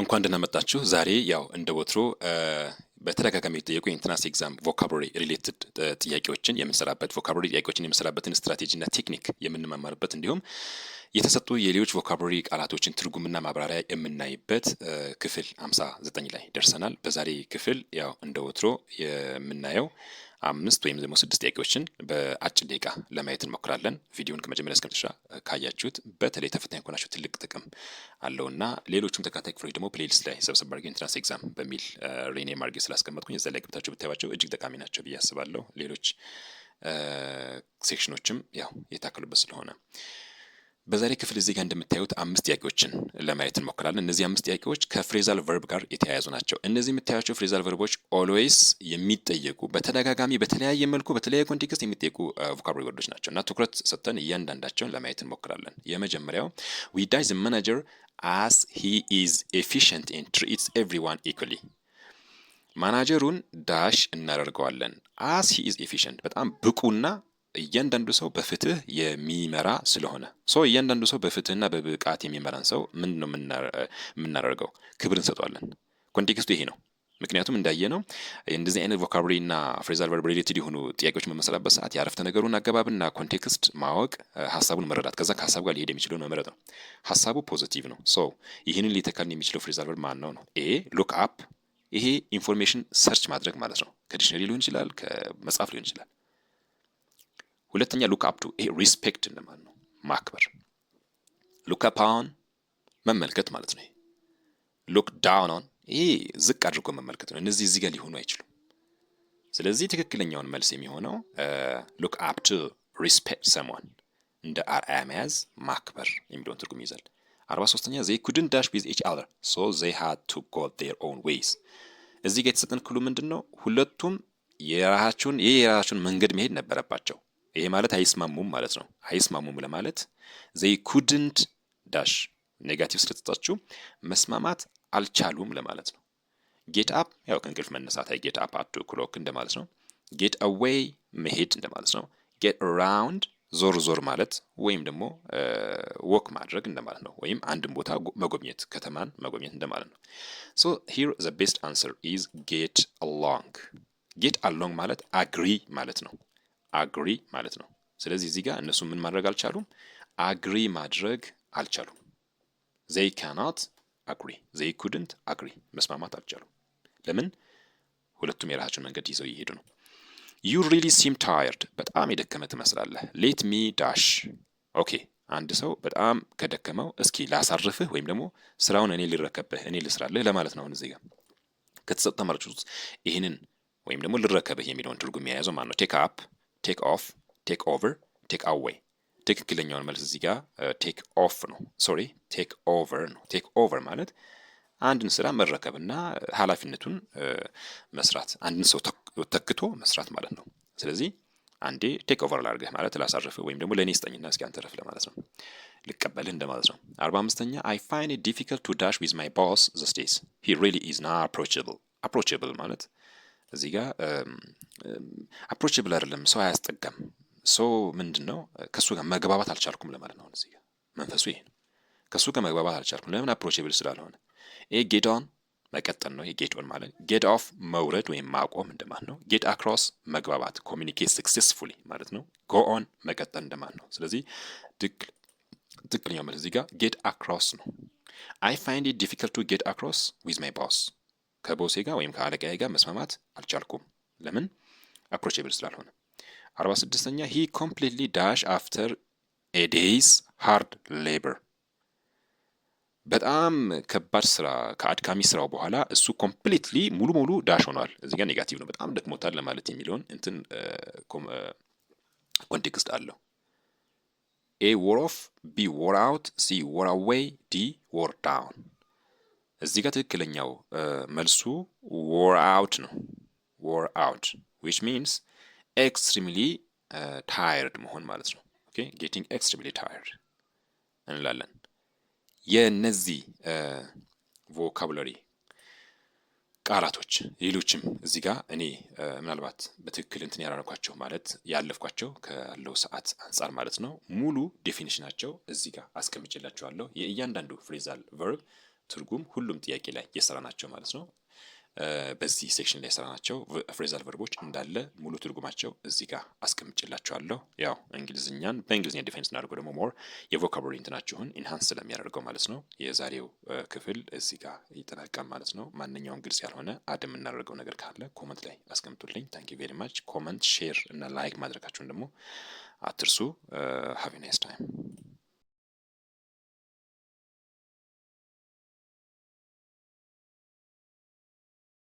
እንኳን ደህና መጣችሁ። ዛሬ ያው እንደ ወትሮ በተደጋጋሚ የተጠየቁ የኢንትራንስ ኤግዛም ቮካብሪ ሪሌትድ ጥያቄዎችን የምንሰራበት ቮካብሪ ጥያቄዎችን የምንሰራበትን ስትራቴጂና ቴክኒክ የምንማማርበት እንዲሁም የተሰጡ የሌሎች ቮካብሪ ቃላቶችን ትርጉምና ማብራሪያ የምናይበት ክፍል 59 ላይ ደርሰናል። በዛሬ ክፍል ያው እንደ ወትሮ የምናየው አምስት ወይም ደግሞ ስድስት ጥያቄዎችን በአጭር ደቂቃ ለማየት እንሞክራለን። ቪዲዮን ከመጀመሪያ እስከ መጨረሻ ካያችሁት በተለይ ተፈታኝ ከሆናችሁ ትልቅ ጥቅም አለውና ሌሎቹም ተከታታይ ክፍሎች ደግሞ ፕሌሊስት ላይ ሰብሰብ አድርጌ ኢንትራንስ ኤግዛም በሚል ሬኔ ማርጌ ስላስቀመጥኩኝ እዛ ላይ ገብታችሁ ብታዩዋቸው እጅግ ጠቃሚ ናቸው ብዬ አስባለሁ። ሌሎች ሴክሽኖችም ያው የታከሉበት ስለሆነ በዛሬ ክፍል እዚህ ጋር እንደምታዩት አምስት ጥያቄዎችን ለማየት እንሞክራለን። እነዚህ አምስት ጥያቄዎች ከፍሬዛል ቨርብ ጋር የተያያዙ ናቸው። እነዚህ የምታያቸው ፍሬዛል ቨርቦች ኦልዌይስ የሚጠየቁ በተደጋጋሚ በተለያየ መልኩ በተለያየ ኮንቴክስት የሚጠየቁ ቮካብሪ ወርዶች ናቸው እና ትኩረት ሰጥተን እያንዳንዳቸውን ለማየት እንሞክራለን። የመጀመሪያው ዊ ዳይዝ ማናጀር አስ ሂ ኢዝ ኤፊሽንት ኢን ትሪትስ ኤቭሪዋን ኢኩሊ ማናጀሩን ዳሽ እናደርገዋለን። አስ ሂ ኢዝ ኤፊሽንት በጣም ብቁና እያንዳንዱ ሰው በፍትህ የሚመራ ስለሆነ እያንዳንዱ ሰው በፍትህና በብቃት የሚመራን ሰው ምንድነው ነው የምናደርገው? ክብር እንሰጧለን። ኮንቴክስቱ ይሄ ነው። ምክንያቱም እንዳየ ነው እንደዚህ አይነት ቮካብሪ እና ፍሬዛል ቨርብ ሪሌትድ የሆኑ ጥያቄዎች በመሰላበት ሰዓት የአረፍተ ነገሩን አገባብና ኮንቴክስት ማወቅ፣ ሀሳቡን መረዳት፣ ከዛ ከሀሳቡ ጋር ሊሄድ የሚችለውን መመረጥ ነው። ሀሳቡ ፖዚቲቭ ነው። ሶ ይህንን ሊተካልን የሚችለው ፍሬዛል ቨርብ ማን ነው ነው ኤ ሉክ አፕ። ይሄ ኢንፎርሜሽን ሰርች ማድረግ ማለት ነው። ከዲሽነሪ ሊሆን ይችላል፣ ከመጽሐፍ ሊሆን ይችላል። ሁለተኛ ሉክ አፕ ቱ ይሄ ሪስፔክት እንደማለት ነው፣ ማክበር። ሉክ አፕ ኦን መመልከት ማለት ነው። ሉክ ዳውን ኦን ይሄ ዝቅ አድርጎ መመልከት ነው። እነዚህ እዚህ ጋር ሊሆኑ አይችሉም። ስለዚህ ትክክለኛውን መልስ የሚሆነው ሉክ አፕ ቱ ሪስፔክት ሰሞን እንደ አርአያ መያዝ ማክበር የሚለውን ትርጉም ይይዛል። አርባ ሶስተኛ ዘይ ኩድን ዳሽ ዊዝ ኢች አር ሶ ዘይ ሃድ ቱ ጎ ዜር ኦውን ዌይስ። እዚህ ጋር የተሰጠን ክሉ ምንድን ነው? ሁለቱም የራሳቸውን ይህ የራሳቸውን መንገድ መሄድ ነበረባቸው። ይሄ ማለት አይስማሙም ማለት ነው። አይስማሙም ለማለት ዘይ ኩድንት ዳሽ ኔጋቲቭ ስለተጣጩ መስማማት አልቻሉም ለማለት ነው። ጌት አፕ ያው ከእንቅልፍ መነሳት አይ ጌት አፕ አት ክሎክ እንደማለት ነው። ጌት አዌይ መሄድ እንደማለት ነው። ጌት አራውንድ ዞር ዞር ማለት ወይም ደግሞ ወክ ማድረግ እንደማለት ነው። ወይም አንድን ቦታ መጎብኘት ከተማን መጎብኘት እንደማለት ነው። ሶ ሂር ዘ ቤስት አንሰር ኢዝ ጌት አሎንግ። ጌት አሎንግ ማለት አግሪ ማለት ነው። አግሪ ማለት ነው። ስለዚህ እዚህ ጋር እነሱ ምን ማድረግ አልቻሉም? አግሪ ማድረግ አልቻሉም። ዘይ ካናት አግሪ ዘይ ኩድንት አግሪ መስማማት አልቻሉም። ለምን? ሁለቱም የራሳቸውን መንገድ ይዘው እየሄዱ ነው። ዩ ሪሊ ሲም ታይርድ፣ በጣም የደከመ ትመስላለህ። ሌት ሚ ዳሽ ኦኬ። አንድ ሰው በጣም ከደከመው እስኪ ላሳርፍህ ወይም ደግሞ ስራውን እኔ ልረከብህ እኔ ልስራልህ ለማለት ነው። አሁን እዚህ ጋር ከተሰጡ ተማሪዎች ውስጥ ይህንን ወይም ደግሞ ልረከብህ የሚለውን ትርጉም የያዘው ማን ነው? ቴክ አፕ ቴክ ኦፍ፣ ቴክ ኦቨር፣ ቴክ አዌይ። ትክክለኛውን መልስ እዚህ ጋር ቴክ uh, ኦፍ ነው። ሶሪ ቴክ ኦቨር ነው። ቴክ ኦቨር ማለት አንድን ስራ መረከብና ኃላፊነቱን uh, መስራት፣ አንድን ሰው ተክቶ መስራት ማለት ነው። ስለዚህ አንዴ ቴክ ኦቨር ላድርገህ ማለት ላሳርፍ ወይም ደግሞ ለእኔ ስጠኝና እስኪ አንተ ረፍ ለማለት ነው። ልቀበልህ እንደማለት ነው። አርባ አምስተኛ አይ ፋይንድ ኢት ዲፊከልት ቱ ዳሽ ዊዝ ማይ ቦስ ዘስቴስ ሂ ሪሊ ኢዝ ና አፕሮችብል። አፕሮችብል ማለት እዚህ ጋር አፕሮችብል አይደለም፣ ሰው አያስጠጋም። ሰው ምንድን ነው ከእሱ ጋር መግባባት አልቻልኩም ለማለት ነው። እዚህ ጋር መንፈሱ ይሄ ነው። ከእሱ ጋር መግባባት አልቻልኩም ለምን? አፕሮችብል ስላልሆነ። ይሄ ጌዳውን መቀጠል ነው። የጌዶን ማለት ጌድ ኦፍ መውረድ ወይም ማቆም እንደማለት ነው። ጌድ አክሮስ መግባባት ኮሚኒኬት ስክሴስፉሊ ማለት ነው። ጎ ኦን መቀጠል እንደማለት ነው። ስለዚህ ትክክለኛው መልስ እዚህ ጋር ጌድ አክሮስ ነው። አይ ፋይንድ ኢት ዲፊከልት ቱ ጌድ አክሮስ ዊዝ ማይ ቦስ ከቦሴ ጋር ወይም ከአለቃዬ ጋር መስማማት አልቻልኩም። ለምን? አፕሮቼብል ስላልሆነ። አርባ ስድስተኛ ሂ ኮምፕሊትሊ ዳሽ አፍተር ኤ ዴይስ ሃርድ ሌበር በጣም ከባድ ስራ ከአድካሚ ስራው በኋላ እሱ ኮምፕሊትሊ ሙሉ ሙሉ ዳሽ ሆኗል። እዚጋ ጋር ኔጋቲቭ ነው፣ በጣም ደክሞታል ለማለት የሚለውን እንትን ኮንቴክስት አለው። ኤ ወር ኦፍ፣ ቢ ወር አውት፣ ሲ ወር አዌይ፣ ዲ ወር ዳውን እዚህ ጋር ትክክለኛው መልሱ ዎር አውት ነው። ዎር አውት ዊች ሚንስ ኤክስትሪምሊ ታይርድ መሆን ማለት ነው። ኦኬ ጌቲንግ ኤክስትሪምሊ ታይርድ እንላለን። የነዚህ ቮካቡላሪ ቃላቶች ሌሎችም እዚህ ጋር እኔ ምናልባት በትክክል እንትን ያላረኳቸው ማለት ያለፍኳቸው ካለው ሰዓት አንጻር ማለት ነው። ሙሉ ዴፊኒሽናቸው እዚህ ጋር አስቀምጬላችኋለሁ። የእያንዳንዱ ፍሬዛል ቨርብ ትርጉም ሁሉም ጥያቄ ላይ የሰራ ናቸው ማለት ነው። በዚህ ሴክሽን ላይ የሰራ ናቸው ፍሬዛል ቨርቦች እንዳለ ሙሉ ትርጉማቸው እዚህ ጋር አስቀምጬላችኋለሁ። ያው እንግሊዝኛን በእንግሊዝኛ ዲፌንስ እናደርገው ደግሞ ሞር የቮካብሪ እንትናችሁን ኢንሃንስ ስለሚያደርገው ማለት ነው። የዛሬው ክፍል እዚህ ጋር ይጠናቀም ማለት ነው። ማንኛውም ግልጽ ያልሆነ አድ የምናደርገው ነገር ካለ ኮመንት ላይ አስቀምጡልኝ። ታንክ ዩ ቬሪ ማች። ኮመንት፣ ሼር እና ላይክ ማድረጋችሁን ደግሞ አትርሱ። ሃቪ ናይስ ታይም